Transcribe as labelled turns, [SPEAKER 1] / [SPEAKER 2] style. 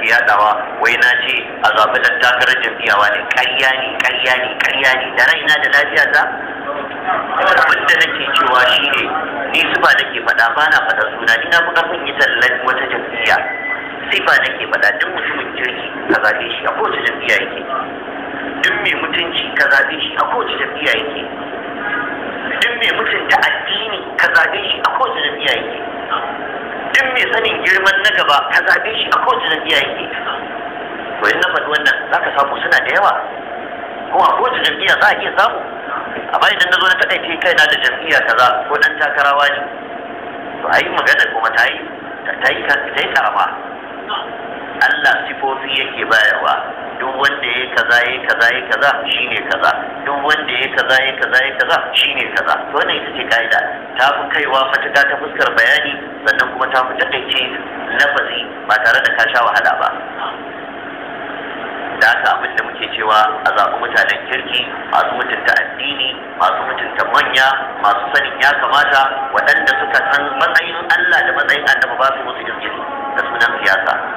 [SPEAKER 1] ake yadawa wai na ce a zaɓi ɗan takarar wa ne ƙarya ne ƙarya ne ƙarya ne da raina da lafiya ta abin da nake cewa shi ne ni su ba nake faɗa ba na faɗa suna ni na fi ƙarfin yi tallan wata jam'iyya ba nake faɗa duk mutumin kirki ka zaɓe shi a kowace jam'iyya yake duk mai mutunci ka zaɓe shi a kowace jam'iyya yake duk mai mutunta addini ka zaɓe shi a kowace jam'iyya yake mai sanin girman na gaba ka zabe shi a kowace jam'iyya yake to na faɗi wannan za ka samu suna da yawa kuma a kowace jam'iyya za a iya samu A amma idan na zo na taƙaice kaina da jam'iyya kaza ko ɗan takarawa ne to a yi magana kuma ta yi ta yi karama Allah sifofi yake bayarwa duk wanda ya kaza ya kaza ya kaza shi ne kaza duk wanda ya kaza ya kaza ya kaza shi ne kaza to wannan ita ce kaida ta fi kaiwa matuƙa ta fuskar bayani sannan ta fi takaice lafazi ba tare da ka sha wahala ba da haka abin da muke cewa a zaɓi mutanen kirki masu mutunta addini masu mutunta manya masu sanin ya kamata waɗanda suka san matsayin Allah da matsayin annabi ba su musu izgiri da sunan siyasa